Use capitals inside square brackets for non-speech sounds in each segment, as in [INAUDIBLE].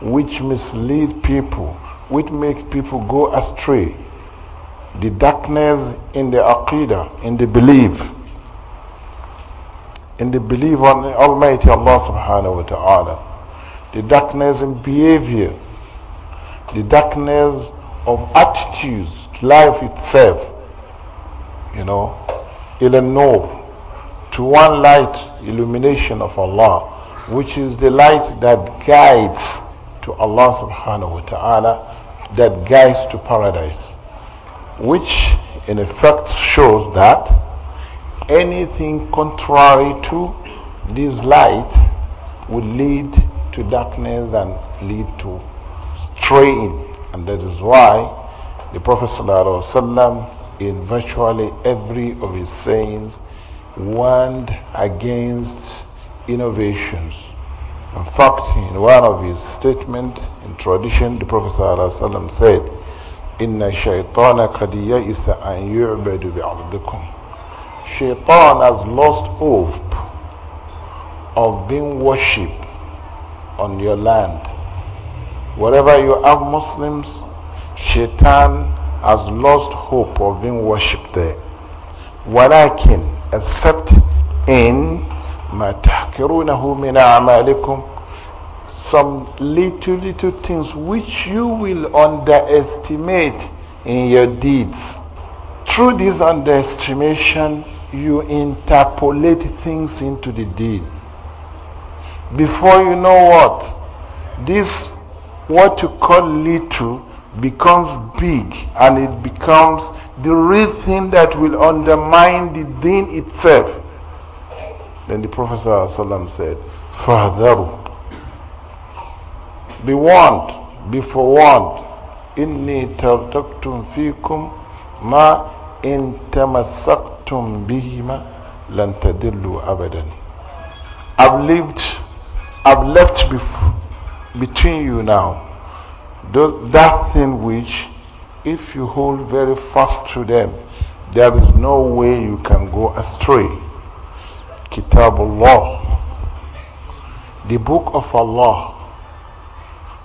which mislead people, which make people go astray. The darkness in the aqidah, in the belief, in the belief on the Almighty Allah subhanahu wa ta'ala. The darkness in behavior, the darkness of attitudes, life itself, you know, Illinois, to one light, illumination of Allah, which is the light that guides to Allah subhanahu wa ta'ala that guides to paradise which in effect shows that anything contrary to this light will lead to darkness and lead to straying and that is why the Prophet ﷺ in virtually every of his sayings warned against innovations in fact, in one of his statements in tradition, the Prophet ﷺ said, إِنَّ الشَّيْطَانَ قَدْ يَئِسَ أَنْ يُعْبَدُ بِعَرْضِكُم Shaitan has lost hope of being worshipped on your land. Wherever you have Muslims, Shaitan has lost hope of being worshipped there. Walakin, except in some little little things which you will underestimate in your deeds through this underestimation you interpolate things into the deed before you know what this what you call little becomes big and it becomes the real thing that will undermine the deen itself then the Prophet ﷺ said, فَهَذَرُوا Be warned, be forewarned. إِنِّي fikum, ma in إِن تَمَسَّقْتُمْ بِهِمَا لَن تَدِلُّوا أَبَدًا I've lived, I've left between you now those, that thing which if you hold very fast to them, there is no way you can go astray. Kitabullah, the book of Allah,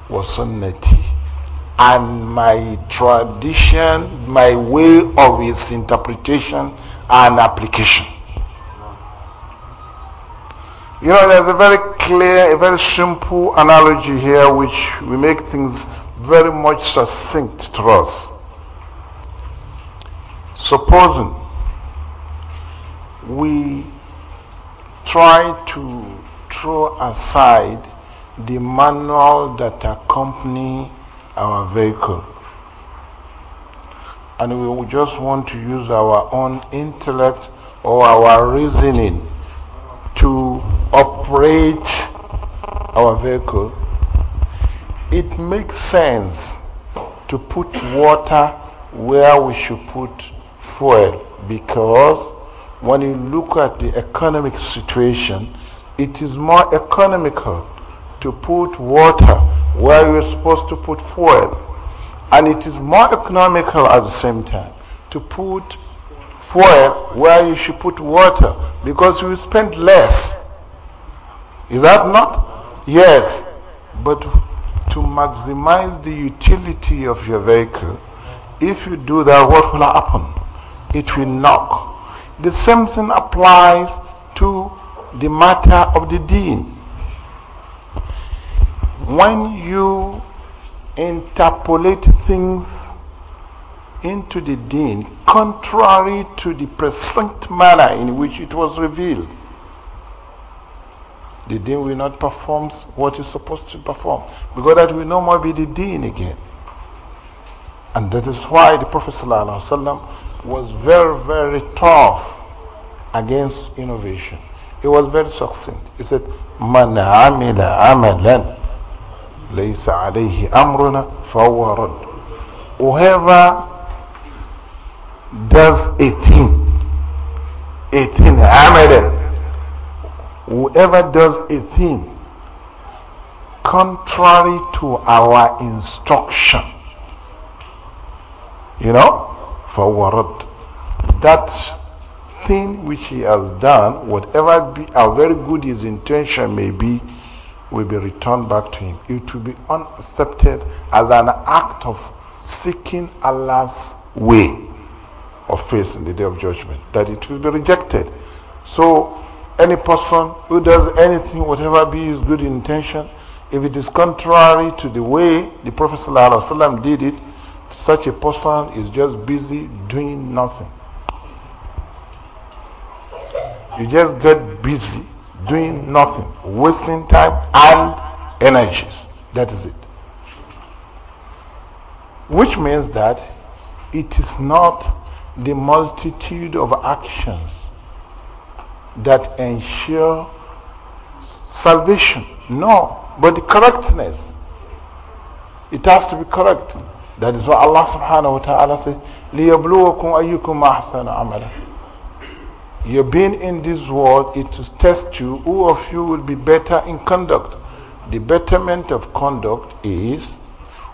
was Sunnati, and my tradition, my way of its interpretation and application. You know, there's a very clear, a very simple analogy here which we make things very much succinct to us. Supposing we try to throw aside the manual that accompany our vehicle and we just want to use our own intellect or our reasoning to operate our vehicle it makes sense to put water where we should put fuel because when you look at the economic situation, it is more economical to put water where you're supposed to put fuel. And it is more economical at the same time to put fuel where you should put water because you spend less. Is that not? Yes. But to maximize the utility of your vehicle, if you do that, what will happen? It will knock the same thing applies to the matter of the deen. When you interpolate things into the deen contrary to the present manner in which it was revealed, the deen will not perform what it's supposed to perform because that will no more be the deen again. And that is why the Prophet ﷺ was very, very tough against innovation. It was very succinct. He said, Man amila amalan laysa alayhi amruna fawarad. Whoever does a thing, a thing amalan, whoever does a thing contrary to our instruction, you know, فهو رد that thing which he has done whatever be how very good his intention may be will be returned back to him it will be unaccepted as an act of seeking Allah's way of faith in the day of judgment that it will be rejected so any person who does anything whatever be his good intention if it is contrary to the way the prophet ﷺ did it such a person is just busy doing nothing. You just get busy doing nothing, wasting time and energies. That is it. Which means that it is not the multitude of actions that ensure salvation. No, but the correctness. It has to be correct. That is why Allah subhanahu wa ta'ala says, لِيَبْلُوَكُمْ أَيُّكُمْ أَحْسَنَ عَمَلًا your being in this world is to test you who of you will be better in conduct the betterment of conduct is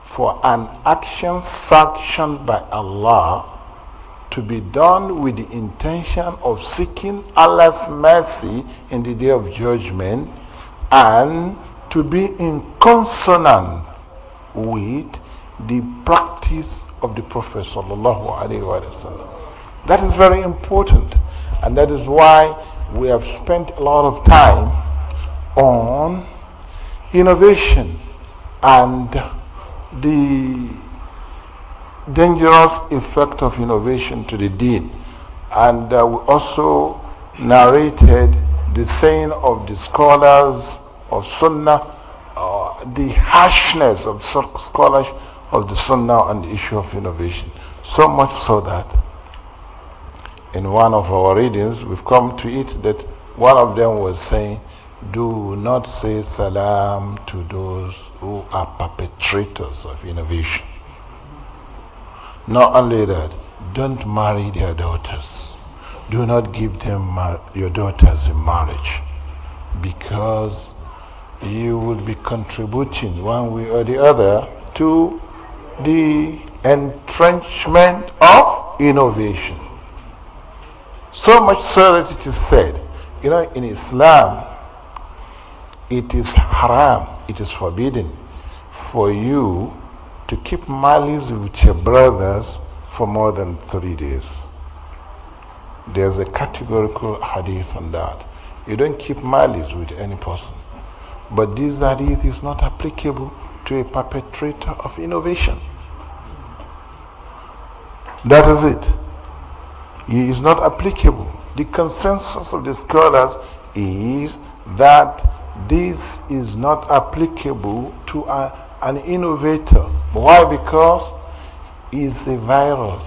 for an action sanctioned by allah to be done with the intention of seeking allah's mercy in the day of judgment and to be in consonance with the practice of the Prophet sallallahu That is very important, and that is why we have spent a lot of time on innovation and the dangerous effect of innovation to the deen. And uh, we also narrated the saying of the scholars of Sunnah, uh, the harshness of scholars of the Sunnah on the issue of innovation. So much so that in one of our readings we've come to it that one of them was saying, Do not say salam to those who are perpetrators of innovation. Not only that, don't marry their daughters. Do not give them your daughters in marriage because you will be contributing one way or the other to the entrenchment of innovation. So much so that it is said, you know, in Islam, it is haram, it is forbidden for you to keep malice with your brothers for more than three days. There's a categorical hadith on that. You don't keep malice with any person. But this hadith is not applicable to a perpetrator of innovation. That is it. It is not applicable. The consensus of the scholars is that this is not applicable to a, an innovator. Why? Because it's a virus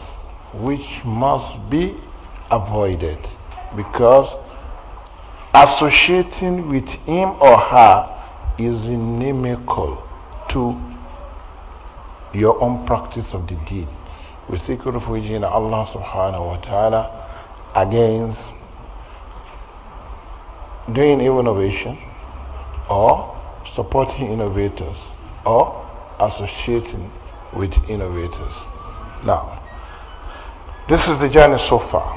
which must be avoided. Because associating with him or her is inimical to your own practice of the deed. We seek refuge in Allah subhanahu wa ta'ala against doing innovation or supporting innovators or associating with innovators. Now, this is the journey so far,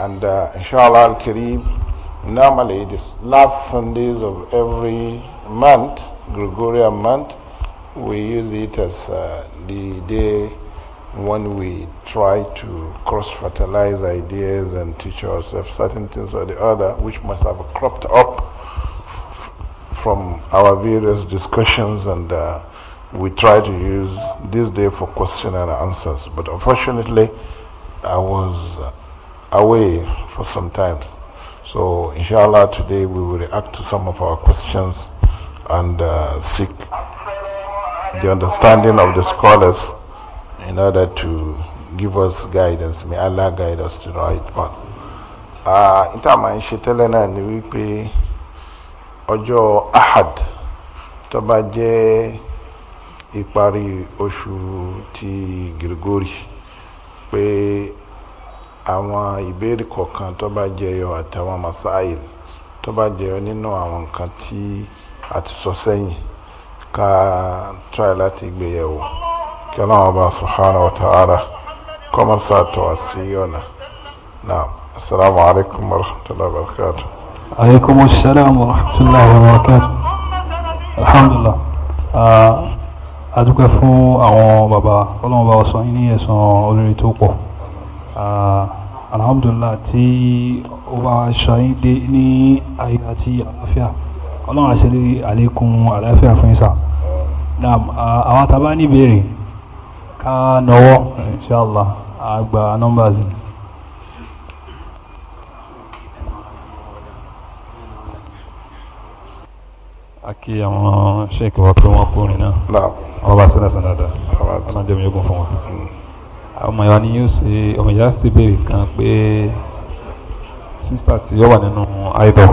and uh, inshallah al Kareem, normally, this last Sundays of every month, Gregorian month, we use it as uh, the day when we try to cross fertilize ideas and teach ourselves certain things or the other, which must have cropped up from our various discussions, and uh, we try to use this day for question and answers. But unfortunately, I was away for some time. So, inshallah, today we will react to some of our questions and uh, seek the understanding of the scholars in order to give us guidance may Allah guide us to the right path. níta ah, máa ń ṣe tẹ́lẹ̀ náà ni wípé ọjọ́ ahad tó bá jẹ́ ìparí oṣù ti Gregori pé àwọn ìbéèrè kọ̀ọ̀kan tó bá jẹyọ àtàwọn masáìl tó bá jẹyọ nínú àwọn nǹkan tí a ti sọ sẹ́yìn. So ká try láti gbéyẹ̀wò kí ọlọ́run ọba subhanahu wa ta'ala kọ́mọ́ sàtọ̀ sí ọ̀nà náà asalaamu alaykum wa rahmatulahi wa barakatu. aleykum salaam wa rahmatulahi wa barakatu alhamdulilah adúpẹ́ fún àwọn bàbá ọlọ́run bá ọ̀sán yín ní ẹ̀sán olórí tó pọ̀ alhamdulilah tí ó ṣayín dé ní ayé àti àlàáfíà ọlọ́run àṣírí àlékún àlàáfíà fún ìsà àwọn tàbá ní ìbéèrè ká nọwọ́ inṣàlá àgbà numbers ni. aki àwọn sheik wa pé wọn kúrin náà wọn bá sílẹ̀ sàn dáadáa wọn jẹ́ omi ogun fún wọn. Hmm. ọmọ ìyá ni yóò ṣe ọmọ ìyá sì béèrè kan pé sísítà tí ó wà nínú idol.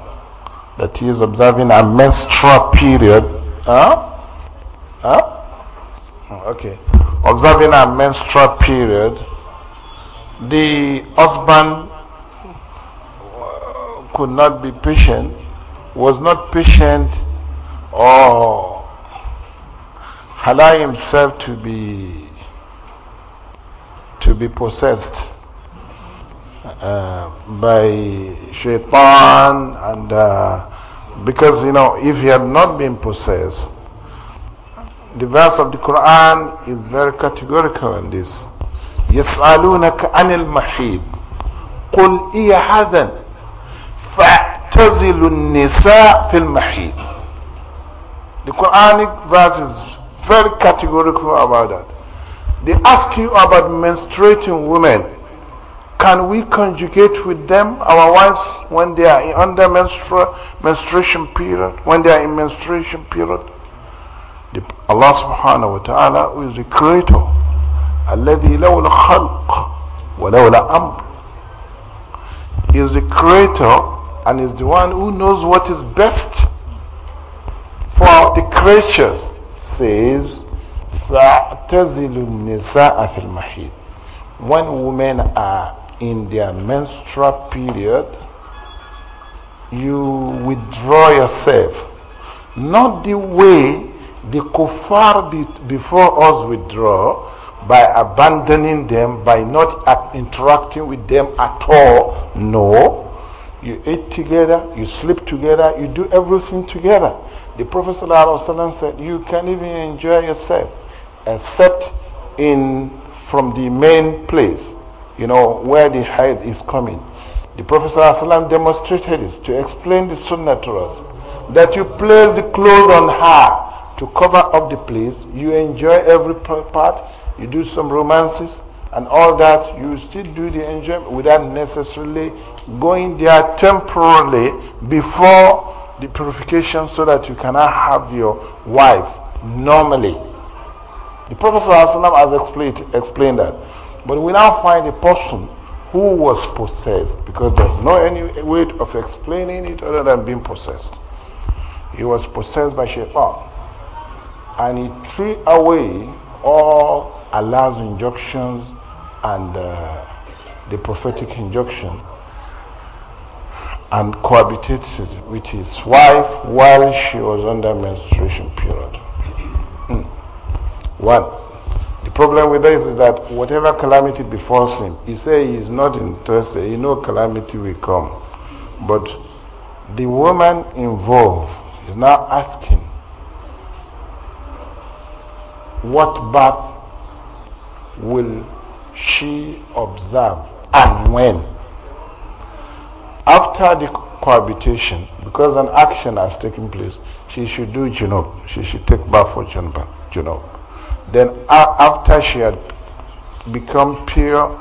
that he is observing a menstrual period. Huh? Huh? Oh, okay. Observing a menstrual period, the husband uh, could not be patient, was not patient or allow himself to be to be possessed uh, by shaitan and uh, because you know if he had not been possessed the verse of the Quran is very categorical on this يسألونك عن المحيض قل إي حدن فاعتزلوا النساء في المحيض The Quranic verse is very categorical about that. They ask you about menstruating women. Can we conjugate with them, our wives, when they are under menstru menstruation period, when they are in menstruation period? The, Allah subhanahu wa ta'ala who is the creator. الذي لولا خلق ولولا أمر is the creator and is the one who knows what is best for the creatures says فاعتزلوا النساء في المحيط when women are in their menstrual period, you withdraw yourself. Not the way the kuffar before us withdraw by abandoning them, by not interacting with them at all. No. You eat together, you sleep together, you do everything together. The Prophet said, You can even enjoy yourself except in from the main place you know, where the height is coming. The Prophet ﷺ demonstrated this to explain the sunnah to us. That you place the clothes on her to cover up the place. You enjoy every part. You do some romances and all that. You still do the enjoyment without necessarily going there temporarily before the purification so that you cannot have your wife normally. The Prophet ﷺ has explained, explained that. But we now find a person who was possessed because there's no any way of explaining it other than being possessed. He was possessed by Shaitan and he threw away all Allah's injunctions and uh, the prophetic injunction and cohabitated with his wife while she was under menstruation period. Hmm. One. The problem with that is that whatever calamity befalls him, he says he is not interested. He know calamity will come. But the woman involved is now asking what bath will she observe and when. After the cohabitation, because an action has taken place, she should do know, She should take bath for know." Then after she had become pure,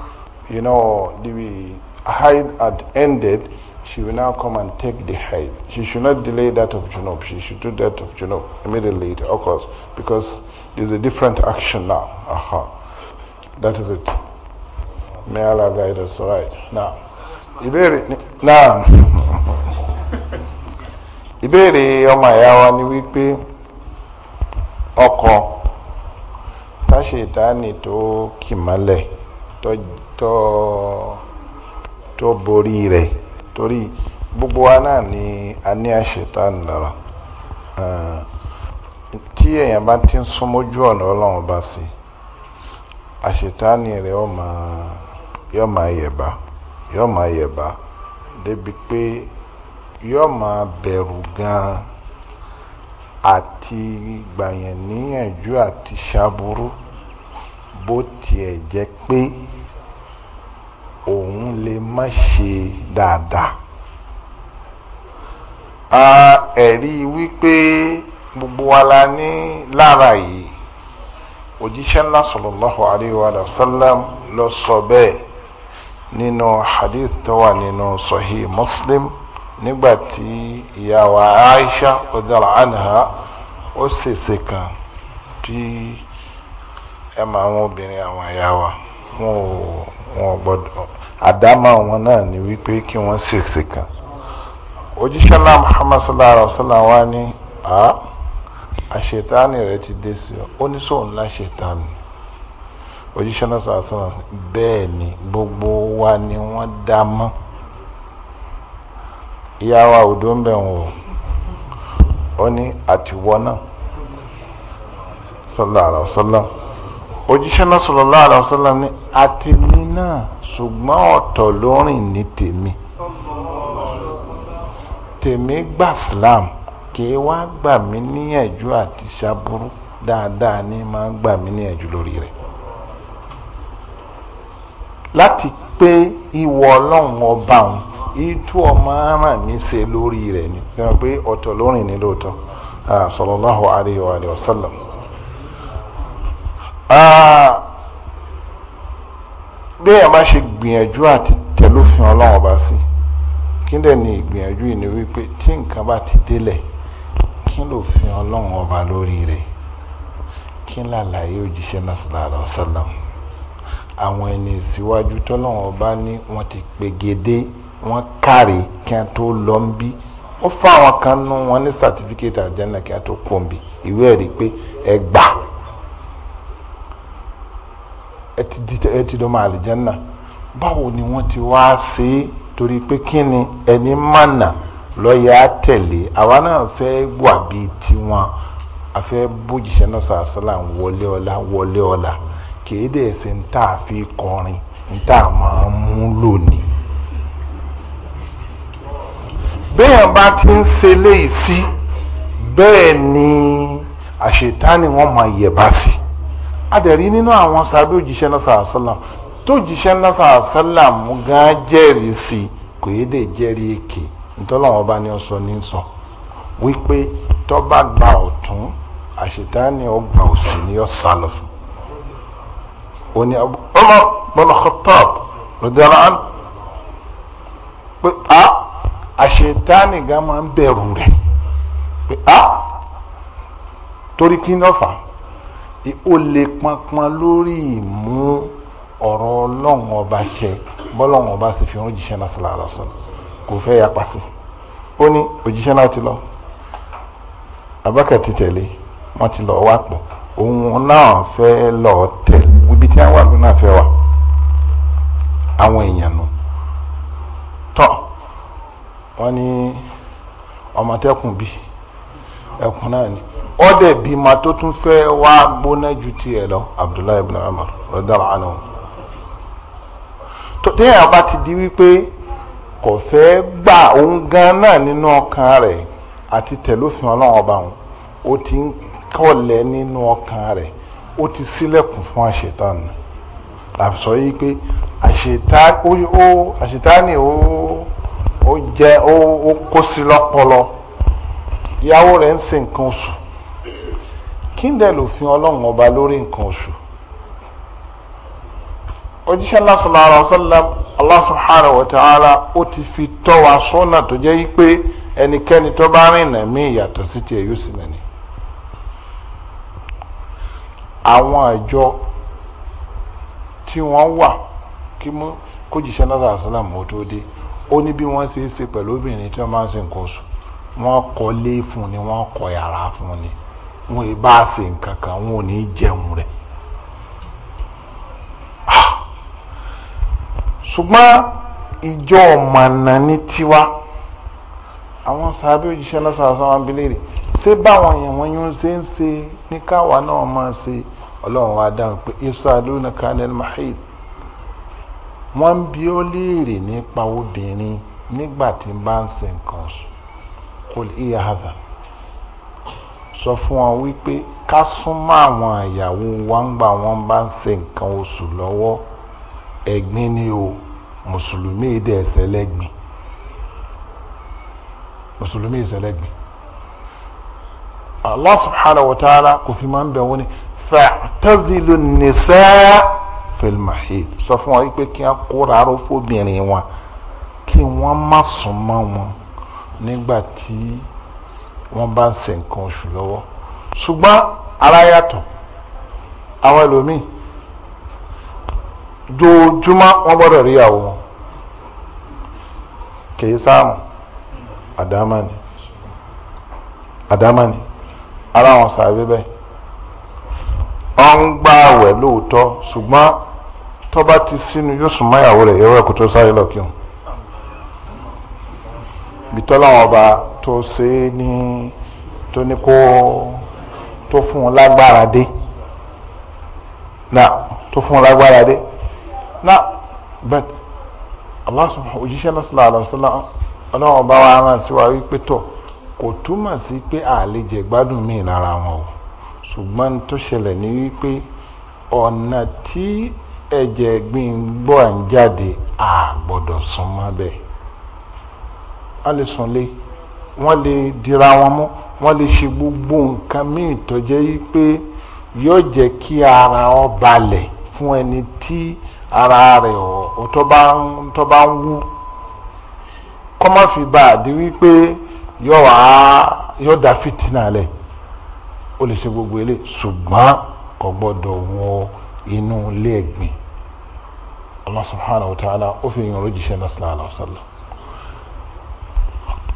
you know, the hide had ended, she will now come and take the hide. She should not delay that of Junub. She should do that of Junub immediately, it occurs, because there's a different action now. Aha. That is it. May Allah guide us right. Now, ìbéèrè náà ìbéèrè ọmọ ìyá wa ni wípé ọkọ. káṣetánì tó kì mọ́lẹ̀ tó tó tó borí rẹ̀ torí gbogbo wa náà ni a ní àṣetánì lára tí èèyàn bá ti ń súnmójú ọ̀nà ọlọ́run bá sí àṣetánì rẹ̀ yóò máa yẹ̀bá yóò máa yẹ̀bá débi pé yóò máa bẹ̀rù gan-an àti gbàyàn níyànjú àti ṣàbúrú bó tiẹ̀ jẹ́ pé òun lè má ṣe dáadáa. a ẹ̀rí wípé gbogbo wa la ní lára yìí òjíṣẹ́ ńlá sallallahu alayhi wa sallam ló sọ bẹ́ẹ̀ nínú hadith tó wà nínú sahih muslim. nígbà tí Aisha radhiyallahu anha ó ṣèṣe kan tí ẹ máa wọn obìnrin àwọn ìyá wa wọn ò wọn gbọ́dọ̀ àdámà wọn náà ni wípé kí wọ́n ṣèṣe kan òjíṣẹ́ náà Muhammad sallallahu alaihi wa sallam wa a àṣetáni rẹ ti dé sí ọ ó ní sóun ńlá ṣetáni òjíṣẹ́ náà gbogbo wa ni dá ìyá wa òdo ń bẹ̀ wọ̀n ó ní àtiwọ́ náà sallallahu alaihi wasallam òjíṣẹ́ náà sallallahu alaihi wasallam ní àtẹ̀mí náà ṣùgbọ́n ọ̀tọ̀ ló rìn ní tèmi tèmi gba Islam kì í wá gbà mí níyànjú àti ṣàbúrú dáadáa ní máa gbà mí níyànjú lórí rẹ̀ láti pé ìwọ ọlọ́run ọba òun ìtú ọmọ ara mi ṣe lórí rẹ̀ ni sẹ́wọ̀n pé ọ̀tọ̀ lórin ni lóòótọ́ sallallahu alayhi wa alayhi wa sallam. bí èèyàn bá ṣe gbìyànjú àti tẹ̀lófin ọlọ́run ọba sí kí dẹ̀ ni ìgbìyànjú yìí ni wípé tí nǹkan bá ti délẹ̀ kí ló fi ọlọ́run ọba lórí rẹ̀ kí làlàyé òjíṣẹ́ náà sallallahu alayhi wa sallam àwọn ẹni ìsíwájú tọ́lọ́run ọba ní wọ́n ti pegedé. wọ́n káre kí wọ́n tó lọ ń bí wọ́n fún àwọn kan nú wọn ní certificate àjẹ́nà kí wọ́n tó kó ń bí ìwé ẹ̀rí pé ẹ gbà ẹ ti dọ́mọ àlìjẹ́nà báwo ni wọ́n ti wá ṣe é torí pé kí ni ẹni mànà lọ́ọ̀yà tẹ̀lé àwa náà fẹ́ wà bíi tiwọn afẹ́ bójìṣẹ́ náà sàásàlà ń wọlé ọ̀la wọlé ọ̀la kì í dẹ̀ ṣe fi kọrin ń tà máa mú lónìí. béèyàn bá ti ń ṣe léyìí sí bẹ́ẹ̀ ni àṣetánì wọn máa yẹ̀bá sí adẹ̀rí nínú àwọn sábẹ́ òjíṣẹ́ náà sàásálàm tó jíṣẹ́ náà sàásálàm gan jẹ́rìí sí kò yé dé jẹ́rìí èké ntọ́lọ́wọ́n bá ní ọ sọ ní sọ wípé tọ́ba gba ọ̀tún àṣetánì ọgbà òsì ni ọ sálọ fún o ní ọmọ bọ́lá pé a. Ah, àṣetánì gan máa ń bẹ̀rù rẹ̀ pé a torí kí ni ọ̀fà ó lè pọnpọn lórí ìmú ọ̀rọ̀ ọlọ́run ọba ṣẹ bọ́lọ́run ọba sì fi hàn òjíṣẹ́ náà sílá lọ́sọ̀ kò fẹ́ ya pàṣẹ ó ní òjíṣẹ́ náà ti lọ abákẹ́tì tẹ̀lé wọ́n ti lọ wá pọ̀ òun náà fẹ́ lọ tẹ̀lé ibi tí wọ́n wà lónà fẹ́ wà àwọn èèyàn nù tán wọ́n ní ọmọtẹ́kùn bí ẹkùn náà ni ọdẹ bímọ tó tún fẹ́ wá gbóná ju tiẹ̀ lọ abdullahi ibn umar radiyallahu anhu tó téèyàn bá ti di wípé kò fẹ́ gbà òun gan náà nínú ọkàn rẹ̀ àti tẹ̀lófin ọlọ́run ọba òun ó ti ń kọ́lẹ̀ nínú ọkàn rẹ̀ ó ti sílẹ̀kùn fún àṣetánù àfisọ yìí pé àṣetánì ó ó je ó ó kó sí lọ́pọlọ ìyàwó rẹ̀ ń ṣe nǹkan oṣù kí n dẹ̀ lòfin ọlọ́run ọba lórí nǹkan oṣù òjíṣẹ́ sallallahu alaihi wasallam Allah subhanahu ó ti fi tọ́ wa sọ́nà tó yi pe enikeni tó bá rìnà mí ìyàtọ̀ sí tiẹ̀ yóò sì nàní. àwọn àjọ tí wọ́n wà kí mú kó jíṣẹ́ sallallahu alaihi tó dé. ó ní bí wọ́n ṣe é ṣe pẹ̀lú obìnrin tí wọ́n máa ń ṣe nǹkan oṣù wọ́n kọ́lé fún ni wọ́n kọ́ yàrá fún ni wọn ì bá ṣe nǹkan kan wọn ò ní jẹun rẹ̀ ah! ṣùgbọ́n ìjọ ọ̀mọ̀nà ní tiwa àwọn sábẹ́ òjíṣẹ́ náà sọ̀rọ̀ sọ́wọ́n abilé ṣé báwọn èèyàn wọn yóò ṣe ń ṣe ní káwa náà máa ṣe ọlọ́run wa dáhùn pé isa lónìí kan ní mahid wọ́n ń bi ó léèrè nípa obìnrin nígbà tí ń bá ń ṣe nǹkan sùn kò lè hàdà sọ fún wọn wípé ká súnmọ́ àwọn àyàwó wa ń gbà wọ́n bá ń ṣe nǹkan oṣù lọ́wọ́ ẹ̀gbin ni o mùsùlùmí dẹ̀ ẹsẹ̀ lẹ́gbin mùsùlùmí ẹsẹ̀ lẹ́gbin Allah subhanahu wa ta'ala kò fi máa ń bẹ̀ wọ́n ni fa'tazilu nisa filmahid sọ fún wọn wípé kí wọn kóra aró fóbìnrin wọn kí wọn má sùn mọ́ wọn nígbà tí wọn bá ń ṣe nǹkan oṣù lọ́wọ́ ṣùgbọ́n ara yàtọ̀ àwọn ẹlòmíì jojúmọ́ wọn gbọ́dọ̀ rí ìyàwó wọn kìí sáàmù àdámánì àdámánì ara wọn sàbẹ ọ ń gbààwẹ̀ lóòótọ́ ṣùgbọ́n tọ́ba ti sínú yóò sùn mọ́yàwó rẹ̀ yọ̀rọ̀ kò tó sáré lọ kírun bìtọ́ làwọn ọba tó ṣe é ní tó ní kó tó fún un lágbára dé na tó fún un lágbára dé na but Allah subhanahu òjíṣẹ́ náà sallallahu alaihi wasallam ọlọ́run ọba wa rán sí wa wípé tọ̀ kò túmọ̀ sí pé àlejò gbádùn míì lára wọn o ṣùgbọ́n tó ṣẹlẹ̀ ní wípé ọ̀nà tí ẹ̀jẹ̀ gbìngbọ́ à ń jáde a gbọ́dọ̀ sùn bẹ́ẹ̀ wọ́n lè lé wọ́n lè dira wọn mú wọ́n lè ṣe gbogbo nǹkan míì tó yi pé yóò jẹ́ kí ara ọ balẹ̀ fún ẹni tí ara rẹ̀ ọ tó bá ń wú kọ́ má fi bá di wípé yóò da fitina lẹ̀ o lè ṣe gbogbo ele ṣùgbọ́n kò gbọ́dọ̀ inu ilé ẹ̀gbìn Allah subhanahu wa ta'ala ó fi yan oríjìṣẹ́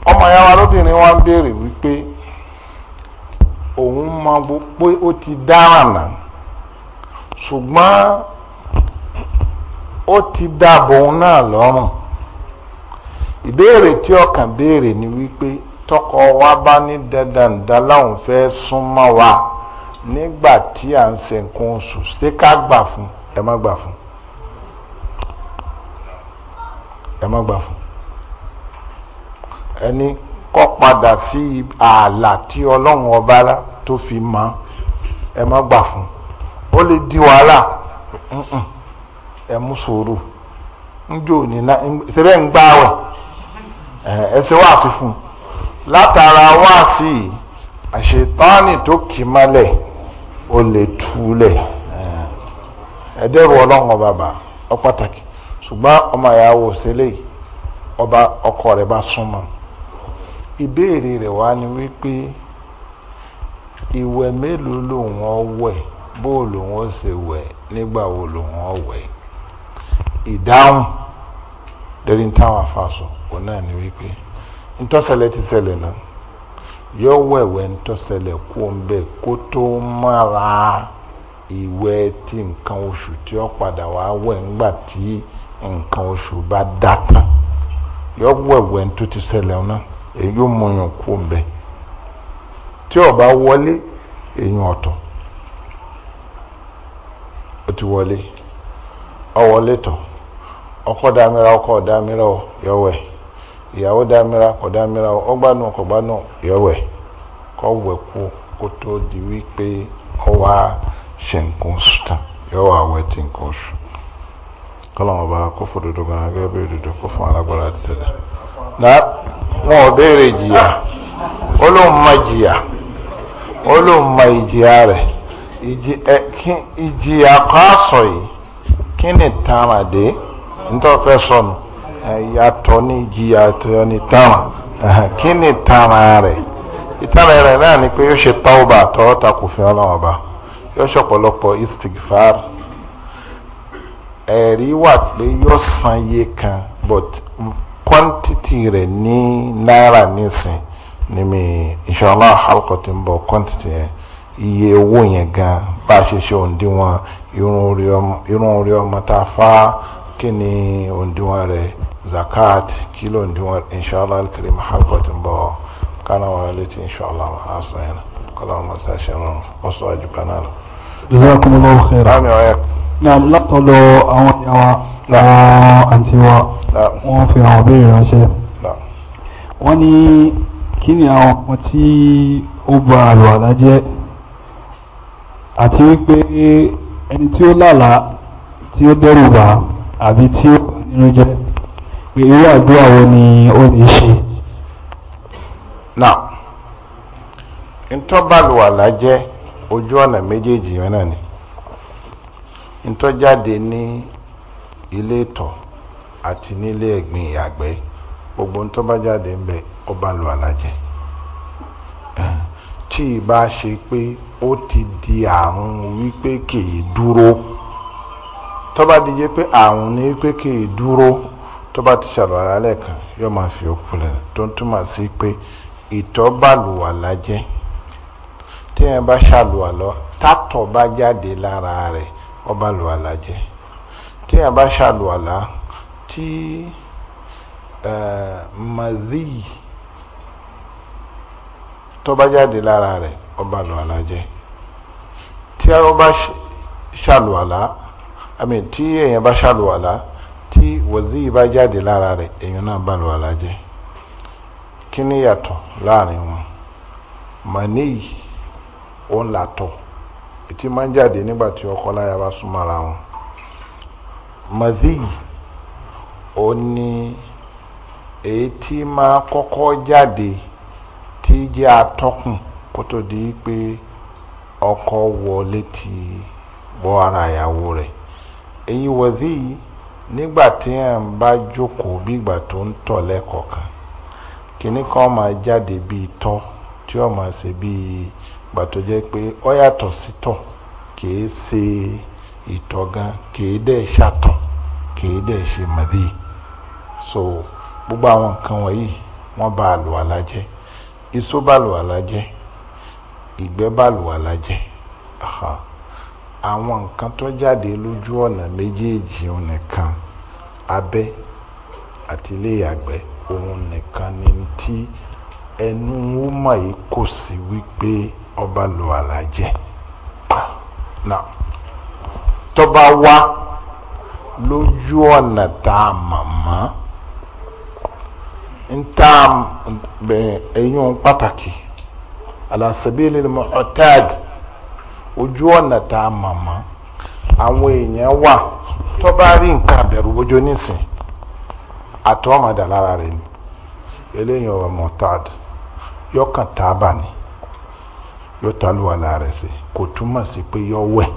ọmọ ya wa lóbìnrin wa ń béèrè wípé òun máa gbọ́ pé ó ti dárànà ṣùgbọ́n ó ti dàbò òun náà lọ́rùn ìbéèrè tí ọkàn béèrè ni wípé tọkọ wa bá ní dandan dandan láwọn fẹ́ wa. nígbà tí à ń ṣe nǹkan oṣù ṣé ká gbà fún ẹ má gbà fún ẹ má gbà fún ẹni kọ́ padà sí ààlà tí ọlọ́run ọba tó fi mọ́ ẹ má gbà fún ó lè di wàhálà ẹ mú sùúrù njó ní ná ṣẹbẹ́ ń gbá wẹ̀ ẹ ṣe wáàsí fún un látara wáàsí àṣetánì tó kì í mọ́lẹ̀. Ole lè túlẹ̀ ẹ̀ẹ́dẹ́rù ọlọ́run ọba ọ pàtàkì ọmọ ìyàwó sílẹ̀ ọba ọkọ rẹ̀ bá súnmọ́ ìbéèrè rẹ̀ wá ni wípé ìwẹ̀ mélòó lòun ọ wẹ̀ lòun ó ṣe wẹ̀ nígbà wo lòun ìdáhùn afa òun náà ni wípé ntọ́sẹ̀lẹ̀ ti ṣẹlẹ̀ náà. yọ wẹ̀wẹ̀ ntọ́sẹ̀lẹ̀ kú kó tó mara iwe tí nǹkan oṣù tí ó padà wá wẹ̀ ńgbà tí nǹkan oṣù bá dá tán yọ wẹ̀wẹ̀ ntọ́ ti ṣẹlẹ̀ náà èyí ó tí bá wọlé èyí ọ̀tọ̀ ó ti wọlé wọlé ọkọ̀ ọkọ̀ ìyàwó dámira kò dámira ó gbádùn kò yọwẹ kọ wẹ kú kó tó di wípé ó ṣe nǹkan oṣù tán yọwọ àwẹ ti nǹkan kó fún dodo gan gẹ́gẹ́ bí kó fún alágbára na wọn ò béèrè jìyà má jìyà má ìjìyà ìjìyà kọ́ ìyàtọ̀ ní ìjìyà àtọ̀ ní ni tààràn rẹ̀ ìtààràn rẹ̀ náà ni pé yóò ṣe re tọ́wọ́ kò fi ọlọ́run ọba yóò ṣe ọ̀pọ̀lọpọ̀ istigfar ẹ̀rí wà pé yóò san iye kan but quantity rẹ̀ ní náírà nísìn ní mi ìṣọ̀lá àkọ́kọ́ ti ń bọ̀ quantity yẹn iye owó yẹn gan bá a ṣe ṣe òǹdíwọ̀n irun orí ọmọ zakat kilo ndiwon inshallah alkarim halkotun ba, kana wa lati inshallah ma asayana kala ma sa shanu wasu ajibana lo jazakumullahu khairan ami wa yak naam látọ̀dọ̀ àwọn ìyá wa àwọn àǹtí wa wọ́n fi àwọn béèrè ránṣẹ́ wọ́n ní kí ni àwọn nǹkan tí ó ba àlùwàlá jẹ́ àti wípé ẹni tí ó lálàá tí ó dẹ́rù bà àbí tí ó bà nínú jẹ́ irú àdúrà wo ni ó lè ṣe. now ntọ́balùwàlà jẹ́ ojú ọ̀nà méjèèjì yẹn náà ni ntọ́jáde ní ilé ìtọ̀ àti nílé ẹ̀gbìn ìyàgbẹ́ gbogbo ntọ́bájáde ń bẹ ọba lùwàlà jẹ́ tí ìbá ṣe pé ó ti di àrùn wípé kì í dúró tọ́ba tó bá ti ṣàlùwàlá lẹ́ẹ̀kan yóò máa fi òkú lẹ̀ tó ń túmọ̀ sí pé ìtọ̀ bá lùwàlá jẹ́ téèyàn bá ṣàlùwàlá tátọ̀ bá jáde lára rẹ̀ ó bá lùwàlá téèyàn bá ṣàlùwàlá tí màdí tó bá jáde lára rẹ̀ ó bá lùwàlá tí ó bá ṣàlùwàlá àmì tí èèyàn bá ṣàlùwàlá tí wòzí yìí bá jáde lára rẹ̀ èèyàn náà bá lu àlàjẹ kí ni yàtọ̀ láàrin wọn màníyì òun làtọ̀ ètí máa ń jáde nígbà tí ọkọ láya bá súnmọ́ ara wọn màdíyì òun ni èyí tí máa kọ́kọ́ jáde tí jẹ́ atọ́kùn kó tó di pé ọkọ wọlé ti bọ́ ara ìyàwó rẹ̀ èyí wọ̀dí nígbà tí ẹ̀ ń bá jókòó bí ìgbà tó ń tọ̀ lẹ́kọ̀ọ̀kan kìnnì kan máa jáde bíi tọ́ tí ó máa ṣe bíi ìgbà tó jẹ́ pé ó yàtọ̀ sí tọ̀ kìí ṣe ìtọ̀ gan kìí dẹ̀ ṣàtọ̀ kìí dẹ̀ ṣe màdí so gbogbo àwọn nǹkan wọ̀nyí wọ́n bà àlùwàlá jẹ́ iṣó bà àlùwàlá jẹ́ ìgbẹ́ bà àlùwàlá jẹ́. Aha. Uh -huh àwọn nǹkan tó jáde lójú ọ̀nà méjèèjì òun nìkan abẹ́ àti ilé ìyàgbẹ́ òun nìkan ni tí ẹnu ó mọ̀ yìí kò sí wípé ọba lo àlàjẹ́ náà tọ́ba wá lójú ọ̀nà tá a mọ̀ mọ́ nta ẹ̀yìn pàtàkì alasabili mu'tad. ojú ọ̀nà tá a mọ̀ mọ́ àwọn èèyàn wà tó bá rí nǹkan àbẹ̀rù bójú nísìn àtọ́ lára rẹ̀ ni eléyìí ọ̀rọ̀ mọ̀tàd yọkàn ni yóò ta lù wà lára kò túmọ̀ sí pé yọ wẹ̀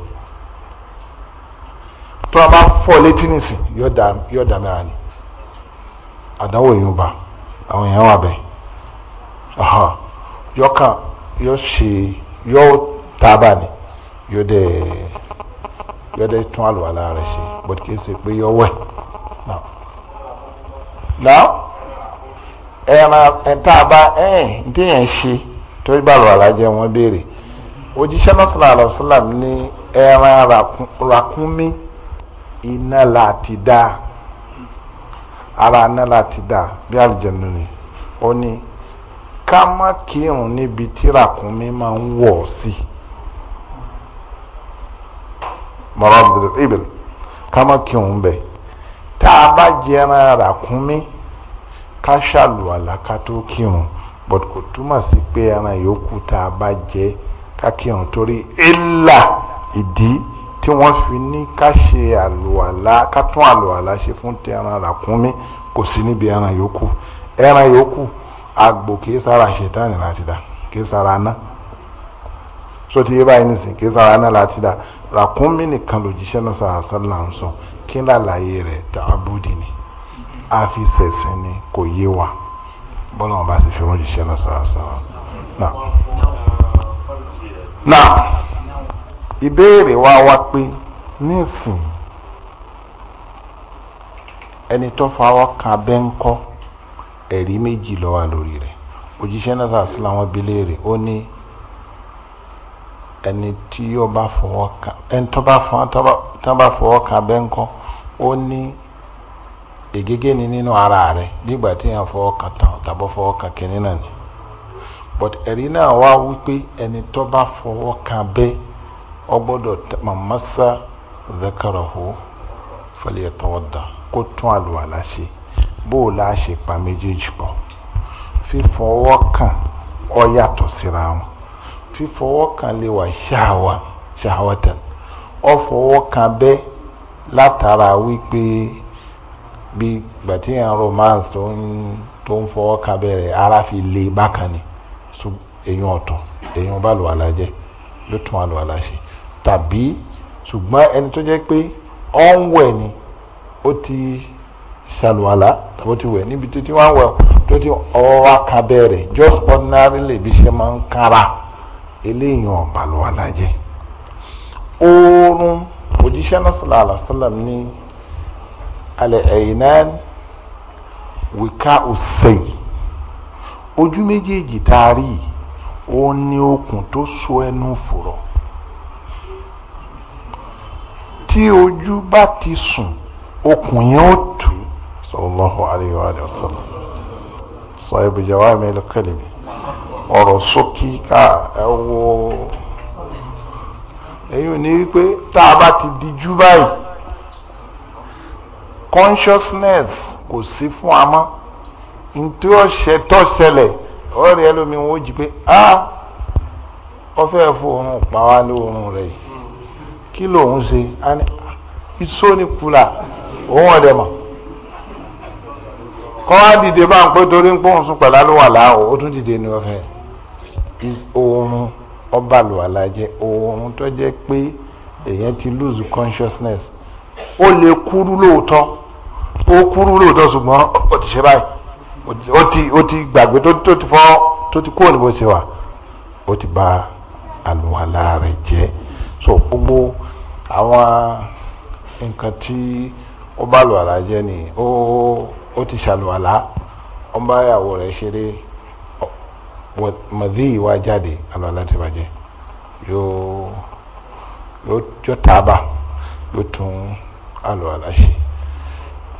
tó a bá fọ́ létí nísìn yọ dà ni àdánwò ni. yóò dẹ̀ yóò dẹ̀ tún àlùwàlá rẹ̀ ṣe bọ́dí kì í ṣe pé yọ wẹ̀ náà ẹran ẹ̀ńtà bá ẹ̀yìn ntí yẹn ṣe torí bá àlùwàlá jẹ́ wọ́n béèrè òjíṣẹ́ náà sọ̀rọ̀ àlọ́sọ́là ní ẹran ràkúnmí iná láti dáa ara ní láti dà bí àlùjẹnu ni ó ní ká má kírun níbi tí ràkúnmí máa ń wọ̀ sí i mọ̀rọ̀dùrù ibìl kámá kírun bẹ̀ tá a bá jẹran ràkúnmí ká ṣàlùwàlà ká tó kírun but kò túmọ̀ sí pé ẹran yòókù tá a bá jẹ ká kírun torí ìlà ìdí tí wọ́n fi ní ká ṣe àlùwàlà ká tún àlùwàlà ṣe fún ti ẹran ràkúnmí kò sí níbi ẹran yòókù ẹran yòókù àgbò kìí sára ṣètánì láti dá kìí sára ná so ti yé báyìí nìsín kìí sára ná láti dá ràkúnmí nìkan lòjíṣẹ́ náà sàásàlà ń sọ kí lálàyé rẹ̀ tààbùdì ni a fi sẹ̀sìn ni kò yé wa bọ́lá wọn bá sì fi wọ́n jíṣẹ́ náà sàásàlà náà. náà ìbéèrè wa wá pé nísìn ẹni tó fawọ́ kan abẹ́ ń kọ́ ẹ̀rí méjì ló lórí rẹ̀ òjíṣẹ́ náà sàásàlà wọn bi léèrè ó ní. ẹni tí ọba fọwọ́ ẹni tó bá fọwọ́ kan abẹ́ńkọ́ ó ní ègégé ni nínú ara rẹ nígbà tí èèyàn fọwọ́ kan tán tàbọ̀ fọwọ́ kan náà ni but ẹ̀rí náà wá wípé ẹni tó bá fọwọ́ kan bẹ́ ọ gbọ́dọ̀ mamasa zakarahu falyatawadda kó tún àlùwàlá ṣe bó o láṣẹ pa méjèèjì pọ̀ fífọwọ́ fífọwọ́ kan lè wà ṣàwà ṣàwàtà ọ fọwọ́ kan bẹ́ látara wípé bí gbàtíyàn romance tó ń tó ń fọwọ́ kan bẹ̀rẹ̀ ara fi lè bákan ni èyàn ọ̀tọ̀ èyàn bá lò àlàjẹ́ ló tún àlò àlàṣe tàbí ṣùgbọ́n ẹni tó jẹ́ pé ọ ń wẹ̀ ni ó ti ṣàlùwàlá tàbí ó ti wẹ̀ níbi tó ti wẹ̀ tó ti ọwọ́ wa kan bẹ̀rẹ̀ just ordinarily bí ṣe máa ń kára. eléyìn ọ̀bàlùwàlà jẹ́ oorun òjíṣẹ́ náà sallallahu alaihi wasallam ní alẹ́ ẹ̀yìn náà wíká ọ̀sẹ̀ ojú méjèèjì tá a rí ó ní okùn tó so ẹnu fùrọ̀ tí ojú bá ti sùn okùn yẹn ó tù sallallahu alaihi wasallam ọ̀rọ̀ sókí ká ẹ wo ẹ̀yin ò ní wípé tá a bá ti dijú báyìí consciousness kò sí fún wa mọ́ ntí ó tó ṣẹlẹ̀ ọ̀rẹ́ ẹlòmíín ó jí pé a ọfẹ́ fòrùn pa wá lóorùn rẹ̀ kí lòun ṣe iṣó ní kula òun ọ̀dẹ̀ mọ̀ kọ́ wá dìde bá ń pé torí ń pọ́n sún pẹ̀lú àlùwàlà ó tún dìde ní ọ̀fẹ́ yẹn oorun ọba àlùwàlà jẹ́ oorun tó jẹ́ pé èèyàn ti lose consciousness ó lè kúrú lóòótọ́ ó kúrú lóòótọ́ ṣùgbọ́n ó ti ṣe báyìí ó ti ó ti gbàgbé tó ti fọ́ tó ti kúrò níbo ṣe wà ó ti bà àlùwàlà rẹ̀ jẹ́ so gbogbo àwọn nǹkan tí ó ni ó ó ti ṣàlùwàlà ó ń ìyàwó rẹ̀ ṣeré mọ̀dí ìwà jáde àlùwàlá ti bàjẹ́ Yo, yo, tààbà yóò tún àlùwàlá ṣe.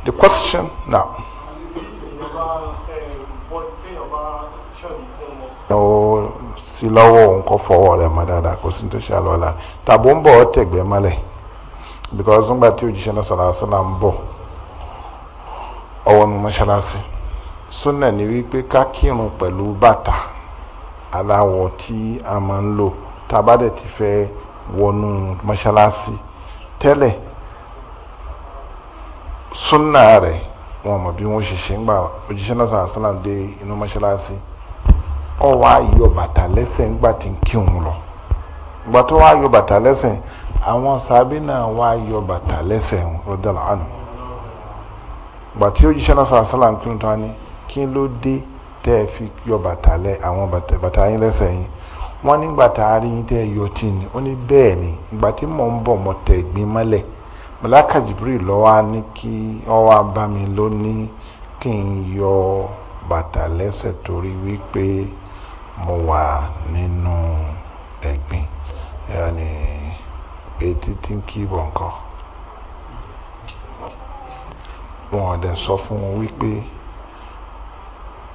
The question now. ó sí lọ́wọ́ òun kò fọwọ́ rẹ̀ mọ́ dáadáa kò sí tó ṣe àlùwàlá tàbó ń bọ̀ ọ́ tẹ̀gbẹ́ mọ́lẹ̀ because nígbà tí òjíṣẹ́ náà sọ̀rọ̀ àṣọ́là ń bọ̀ ọwọ́ nu mọ́ṣáláṣí súnà ni wípé ká kírun pẹ̀lú bàtà aláwọ̀ tí a máa ń lò tá a bá dẹ̀ ti fẹ́ wọnú mọ́ṣáláṣí tẹ́lẹ̀ súnà rẹ̀ wọn mọ̀ bí wọ́n ṣe ṣe ń gbà òjíṣẹ́ náà sàn sàn dé inú mọ́ṣáláṣí ó wá yọ bàtà lẹ́sẹ̀ nígbà tí ń kírun lọ ìgbà tó wá yọ bàtà lẹ́sẹ̀ àwọn sàbí náà wá yọ bàtà lẹ́sẹ̀ rọ́dọ̀lá àná ìgbà tí òjíṣẹ́ náà sàn sàn kírun tán ni kí ló dé. tẹ́ ẹ fi yọ bàtà lẹ àwọn bàtà yín lẹ́sẹ̀ yín wọ́n nígbà tá a rí yín tẹ́ ẹ yọ ni ó ní bẹ́ẹ̀ ni ìgbà tí mò ń bọ̀ mọ́ tẹ̀ gbin mọ́lẹ̀ lọ́wọ́ ní kí wá bá mi kí n yọ bàtà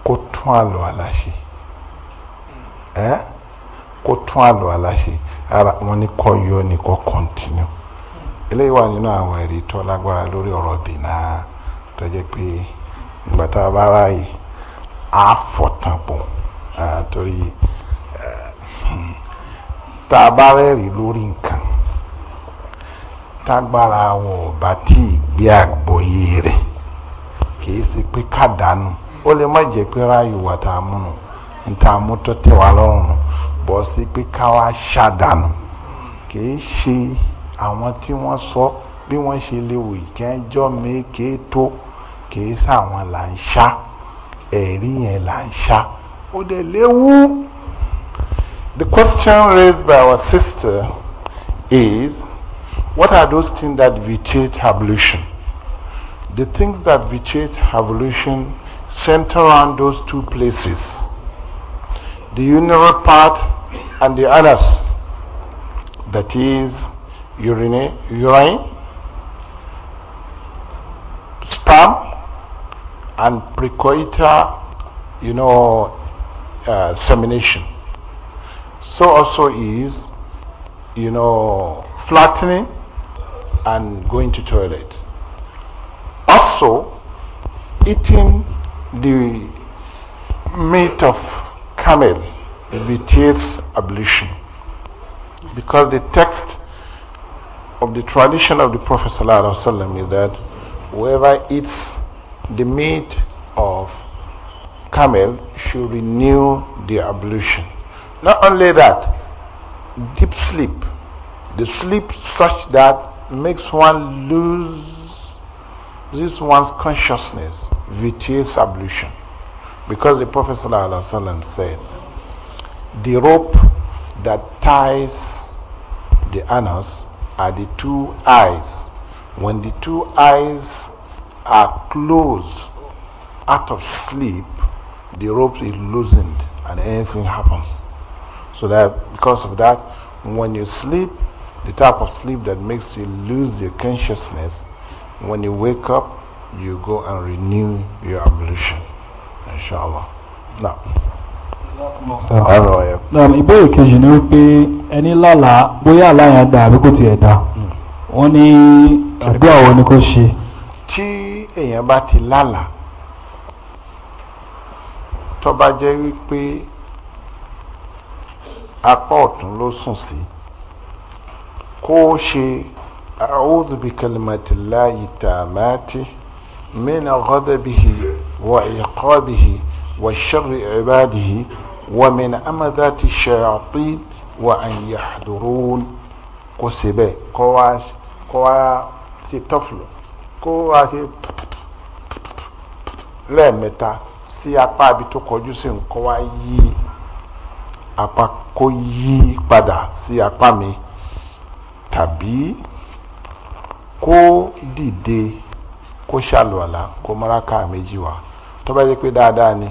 kó tún àlùwàlá ṣe ẹ kó tún àlùwàlá ṣe ara wọn ni kọ́ yọ ni kọ́ kọ́ntínú eléyìí wà nínú àwọn ẹ̀rí tó lágbára lórí ọ̀rọ̀ dènà tó jẹ́ pé ìgbà tá a bá ráàyè á pọ̀ torí hmm, tá a bá rẹ́rìí lórí nǹkan tágbára wọn ò ó lè má jẹ́ pé ráàyè wà tá a mú nù níta mú tó tẹ̀ wá lọ́rùn bọ́ sí pé ká wá ṣàdánù kì ṣe àwọn tí wọ́n sọ bí wọ́n ṣe lè wò ìkẹ́jọ́ mi kì tó kì sàwọn là ń ṣá ẹ̀rí yẹn là ń ṣá ó dẹ̀ léwu. The question raised by our sister is what are those things that vitiate evolution? The things that vitiate evolution. center around those two places the urinary part and the anus that is urine, urine sperm and precoital you know uh, semination so also is you know flattening and going to toilet also eating the meat of camel vitiates ablution because the text of the tradition of the Prophet ﷺ is that whoever eats the meat of camel should renew the ablution. Not only that, deep sleep, the sleep such that makes one lose this one's consciousness which ablution. Because the Prophet ﷺ said, the rope that ties the anus are the two eyes. When the two eyes are closed out of sleep, the rope is loosened and anything happens. So that because of that, when you sleep, the type of sleep that makes you lose your consciousness, when you wake up, you go and renew your ablution inshallah now. ìbéèrè kejì ni wípé ẹni lálàá bóyá àláyàn dá àbí kò tiẹ̀ dá hmm. wọ́n ní àdúrà wo ni kò ṣe. tí èèyàn bá ti lálàá tó bá jẹ́ wípé apá ọ̀tún ló sùn sí kó ṣe a'udhu bi kalimatillahi tamati. من غضبه وعقابه وشر عباده ومن أمذات الشياطين وأن يحضرون قسبة قواش قوا تطفل قوا lẹ́ẹ̀mẹ́ta sí apá ibi tó kọjú sí nǹkan wá yí apá تبي yí padà sí kó ṣàlùwàlà kó mọ́ráká méjì wá tó bá yẹ pé dáadáa ni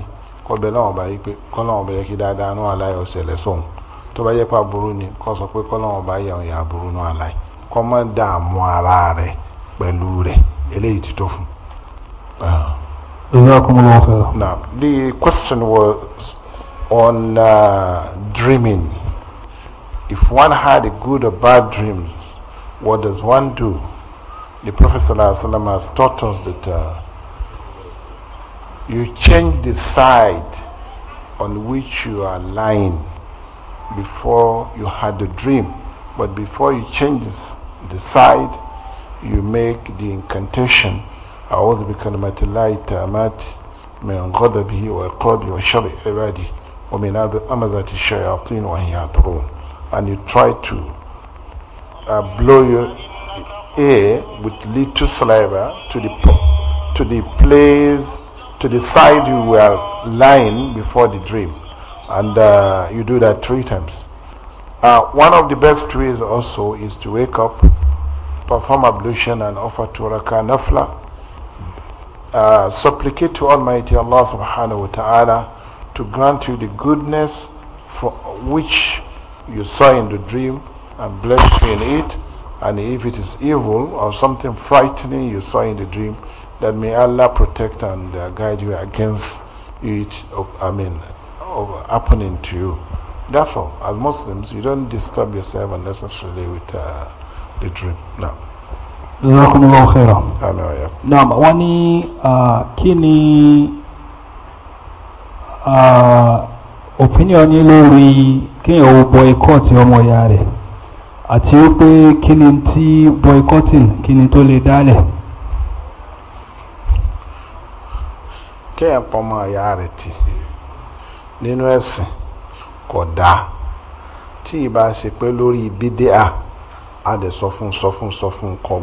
kọbẹ náà ọba yìí pé kọ́nà ọba yẹ kí dáadáa náà aláyọ̀ ọ̀sẹ̀ lẹ́sọ̀n tó bá yẹ pé aburú ni kọ́ sọ pé kọ́nà ọba yẹ ọ̀yà aburú náà aláyọ̀ kọ́ mọ́ dààmú ara rẹ̀ pẹ̀lú rẹ̀ eléyìí ti tó fún. Now, ah. the question was on uh, dreaming. If one had a good or bad dreams, what does one do? the Prophet has taught us that uh, you change the side on which you are lying before you had the dream. But before you change this, the side, you make the incantation. أعوذ بكلمات الله التامات من غضبه وعقابه وشر عباده ومن أمذة الشياطين وهي يطرون and you try to uh, blow your a with little saliva to the, to the place, to the side you were lying before the dream. And uh, you do that three times. Uh, one of the best ways also is to wake up, perform ablution and offer to Raka Nafla. Uh, supplicate to Almighty Allah subhanahu wa ta'ala to grant you the goodness for which you saw in the dream and bless you in it. And if it is evil or something frightening you saw in the dream, that may Allah protect and uh, guide you against it, I mean, happening to you. Therefore, as Muslims, you don't disturb yourself unnecessarily with uh, the dream. No. jazakumullahu khairan. àmì naam wọ́n ní uh, kí ni uh, opinion lórí kéèyàn boycott ọmọ ìyá àti wípé kí ni tí boycotting kí ni tó lè dálẹ̀. kéèyàn pọnmọ ìyá rẹ̀ tì nínú ẹ̀sìn kò dáa tí ìbá ṣe pé lórí bídíà a lè sọ fún sọ fún sọ fún kò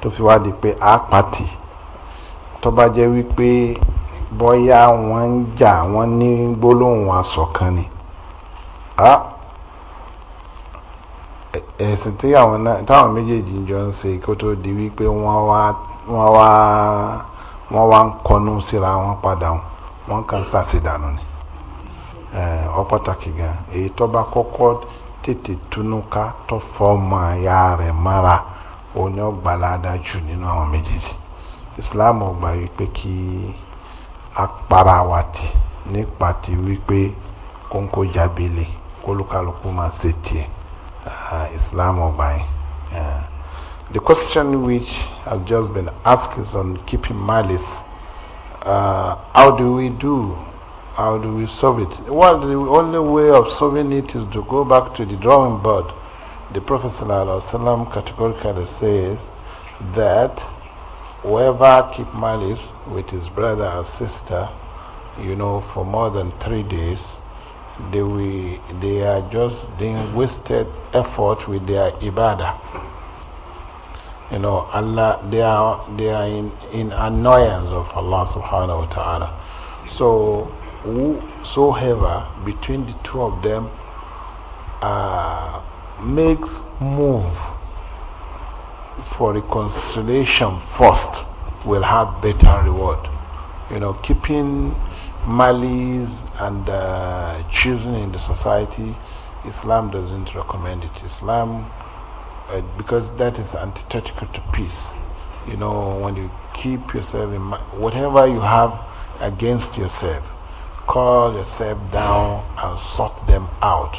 tó fi wá di pé a pàtì tó bá jẹ́ wípé bóyá wọ́n ń jà wọ́n ní gbólóhùn asọ̀kan ni. Ah ẹ̀sìn tí àwọn náà táwọn méjèèjì jọ ń ṣe kó tó di wípé wọn wá wọ́n wá ń kọnu síra wọn padà wọ́n kàn ṣàṣìdànù ni ọ pàtàkì gan èyí tó bá kọ́kọ́ tètè túnúká tó fọmọ aya rẹ̀ mára òun jù nínú àwọn méjèèjì Islam ò wípé kí wípé kóńkó máa ṣe uh, Islam or by. Uh, the question which has just been asked is on keeping malice. Uh, how do we do? How do we solve it? Well, the only way of solving it is to go back to the drawing board. The Prophet ﷺ categorically says that whoever keep malice with his brother or sister, you know, for more than three days, they we they are just doing wasted effort with their ibadah. You know, Allah, they are they are in, in annoyance of Allah Subhanahu wa Taala. So, whosoever between the two of them uh, makes move for reconciliation first will have better reward. You know, keeping malice and uh, choosing in the society, Islam doesn't recommend it. Islam, uh, because that is antithetical to peace. You know, when you keep yourself in whatever you have against yourself, call yourself down and sort them out.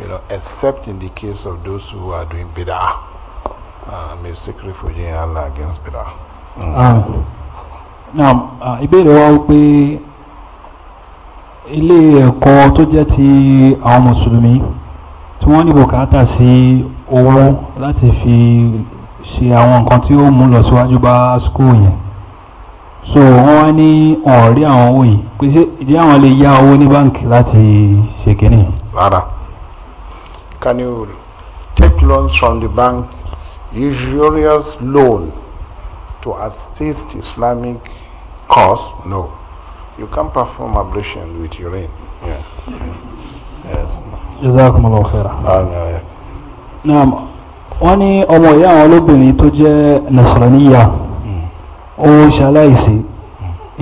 You know, except in the case of those who are doing bid'ah. Uh, may seek refuge in Allah against bid'ah. Mm. Ah. Uh, now, ìbéèrè wa ilé ẹ̀kọ́ tó jẹ́ ti àwọn mùsùlùmí tí wọ́n ní bùkátà sí owó láti fi ṣe àwọn nǹkan tí ó mú lọ síwájú bá skul yẹn so wọ́n wá ní ọ̀rí àwọn owó yìí pé ṣé ìdí àwọn lè yá owó ní báǹkì láti ṣe kínní. rárá can you take loans from the bank usurious loan to assist Islamic cause no. You can perform ablution with urine. Yeah. Yes. Jazakum Allah khairah. Ah, Naam. Wọ́n ní ọmọ ìyá àwọn olóbìnrin tó jẹ́ Nasraniya ó ṣaláìsí.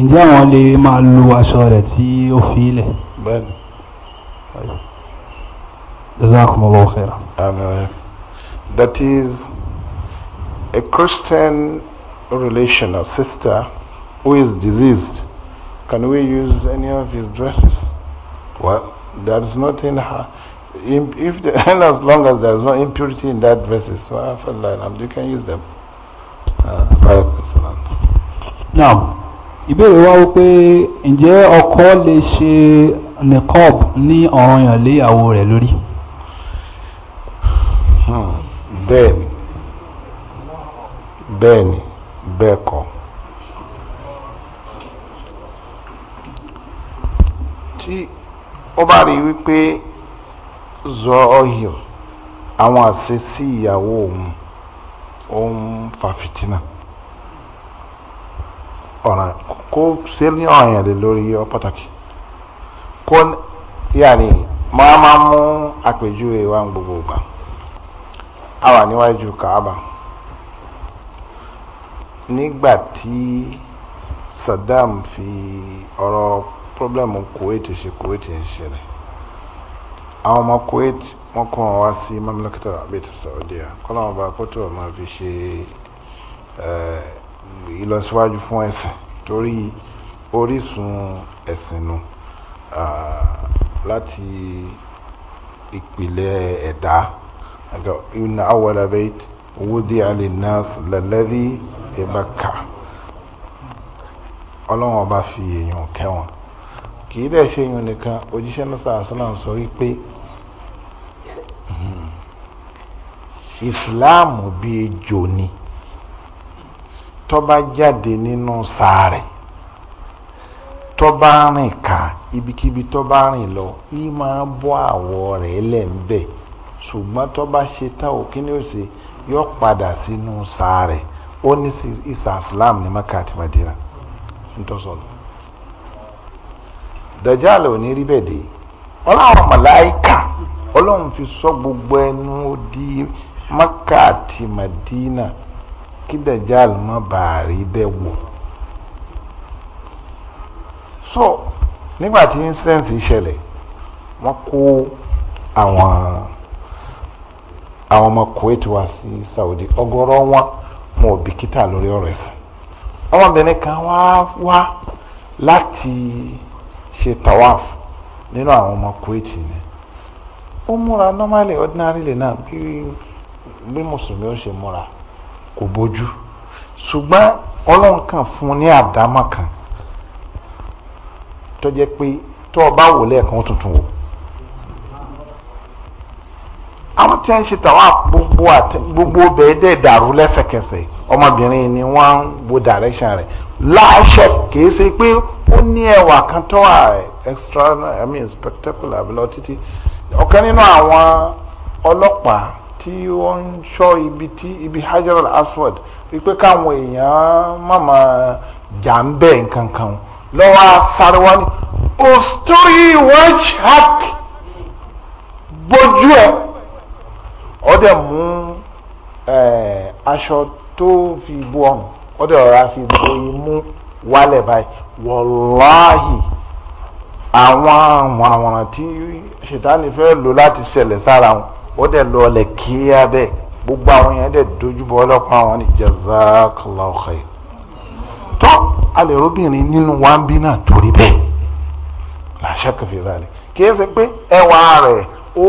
Ǹjẹ́ àwọn lè máa lo aṣọ rẹ̀ tí ó fi ilẹ̀? Bẹ́ẹ̀ni. Ah, that is a Christian relation, a sister who is diseased. Can we use any of his dresses? Well, there is nothing. If the, and [LAUGHS] as long as there is no impurity in that dresses, you can use them. Ah, now, ìbéèrè wa wò pé ǹjẹ́ ọkọ lè ṣe niqab ní ọ̀ranyàn lé ìyàwó rẹ̀ lórí? Hmm, bẹ́ẹ̀ni, bẹ́ẹ̀ni, bẹ́ẹ̀ kọ́. tí ó bá rí wípé zọ́ọ̀yọ̀ àwọn àṣẹ sí ìyàwó òun òun fa fìtínà ọ̀ràn kó ṣe ní ọ̀yàn lè lórí ọ pàtàkì kó yàní máa máa mú àpèjúwe wa gbogbo ìgbà a wà níwájú Kaaba nígbà tí Saddam fi ọ̀rọ̀ problem Kuwait ṣe Kuwait ń ṣẹlẹ̀ àwọn ọmọ Kuwait wọ́n kó wọn wá sí mamlakata abit Saudiya kọ́lá wọn bá kótó ọmọ fi ṣe eh, ìlọsíwájú fún ẹ̀sìn torí orísun ẹ̀sìn nu ah, láti ìpìlẹ̀ ẹ̀dá inna awwala bayt wudi'a linnas lalladhi bi Bakka ọlọ́wọ́n bá fi èèyàn kẹ́ kìí dẹ̀ ṣe yun nìkan òjíṣẹ́ náà sàásánà sọ wípé hmm, ìsìláàmù bí ejò ni tó bá jáde nínú sàárẹ̀ tó bá rìn ká ibikíbi tó bá rìn lọ yìí máa bọ́ àwọ̀ rẹ̀ lẹ́ńbẹ̀ ṣùgbọ́n tó ṣe tán ò kí ni ó ṣe yóò padà sínú sàárẹ̀ ó ní ìsà islam ní Mẹ́kà àti Madina ń tọ́ sọ̀rọ̀. dajálẹ̀ ò ní rí bẹ́ẹ̀ dé ọlọ́run ọlọ́run fi sọ gbogbo ẹnu di maka àti madina kí dajal má bàa rí bẹ́ẹ̀ wò so nígbà tí incident ṣẹlẹ̀ wọ́n kó àwọn àwọn ọmọ Kuwait wá sí Saudi ọgọrọ wọn wọn ò bìkítà lórí ọ̀rọ̀ ẹ̀sìn ọmọbìnrin kan wá wá láti. ṣe tawaf nínú àwọn ọmọ Kuwait ni ó múra normally ordinarily náà bí bí mùsùlùmí ó ṣe múra kò bójú ṣùgbọ́n ọlọ́run kan fún un ní àdámọ́ kan tó jẹ́ pé tó o bá wò lẹ́ẹ̀kan ó tuntun wò àwọn tí wọ́n ṣe tawaf gbogbo bẹ́ẹ̀ dẹ̀ dàrú lẹ́sẹ̀kẹsẹ̀ ọmọbìnrin ni wọ́n ń wo direction rẹ̀ láṣọ kìí ṣe pé ó ní ẹwà kan tó wà extra i mean spectacular lọ títí ọ̀kan nínú àwọn ọlọ́pàá tí wọ́n ń ṣọ́ ibi tí ibi hajar al-aswad wípé káwọn èèyàn màmá jà ń bẹ̀ nǹkan kan lọ́wọ́ sáré wá ní osturi watch hack bójú ẹ̀ ọ̀dẹ̀ mú eh, aṣọ tó fi bu ọ̀run ọdẹ ọ̀rá fi bo imú wálẹ̀ báyìí wọláhì àwọn wọ̀nàwọ̀nà tí ṣètánì fẹ́ lò láti ṣẹlẹ̀ sára wọn ó dẹ̀ lọ ọlẹ̀ kí abẹ́ gbogbo àwọn yẹn dẹ̀ dojúbọ ọlọ́pàá àwọn ni jazakallahu khair tọ́ alẹ́ obìnrin nínú wa ń bí náà torí bẹ́ẹ̀ làṣẹ kẹfì lálẹ́ kì í ṣe pé ẹwà rẹ̀ ó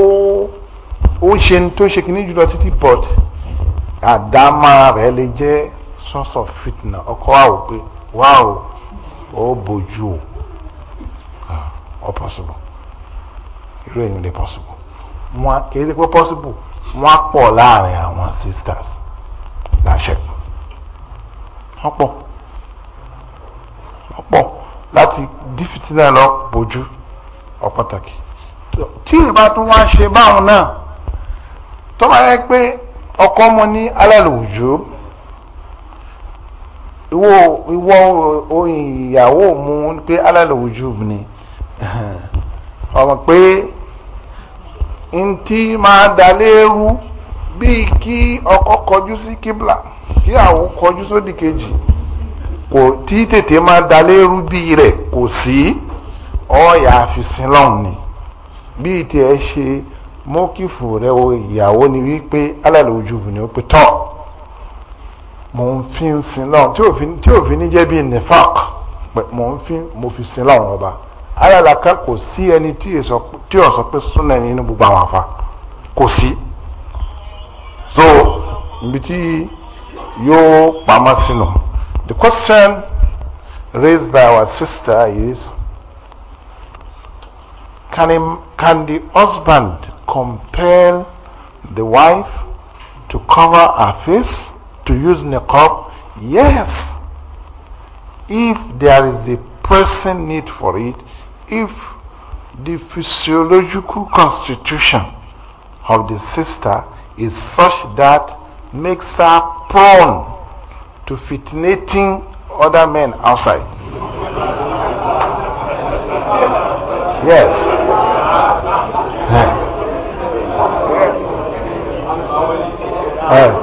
ó ń ṣe tó ṣe kìíní jùlọ títí but àdámà rẹ̀ lè jẹ́ source of fitness. ọkọ wa wò pé wá o ó bójú o ọ possible irú ẹ̀yin lè possible wọn kìí ṣe pé possible wọn pọ̀ láàrin àwọn sisters láṣẹ wọn pọ̀ wọn pọ̀ láti dí fìtínà lọ bójú ọ pàtàkì tí ìbá tún wá ṣe báwọn náà tó bá yẹ pé ọkọ mo ní alẹ́ lòjó ìwọ ìwọ oyin ìyàwó mu pé alálẹ̀ ojú ni [LAUGHS] ọmọ pé ntí máa dalérú bíi kí ọkọ kọjú sí kíbla kí àwọn kọjú sódì kejì kò tí tètè máa dalérú bíi rẹ̀ kò sí ọ̀ọ́yà àfìsìn lọ́hùn ni bíi tiẹ̀ ṣe mọ́kìfù rẹ̀ ìyàwó ni wípé alálẹ̀ ojú ni ó pe tán. mò ń fi ń sin lọ́wọ́ tí òfin tí òfin ní jẹ́ bí nifaq mò ń fi mo fi sin lọ́wọ́ ọba alálàkà kò sí ẹni tí ò sọ pé súnà ní inú gbogbo àwọn afa kò sí so ibi yo yóò pamọ́ the question raised by our sister is can, him, can the husband compel the wife to cover her face? to use niqab? Yes. If there is a pressing need for it, if the physiological constitution of the sister is such that makes her prone to fitnating other men outside. yes. yes. yes.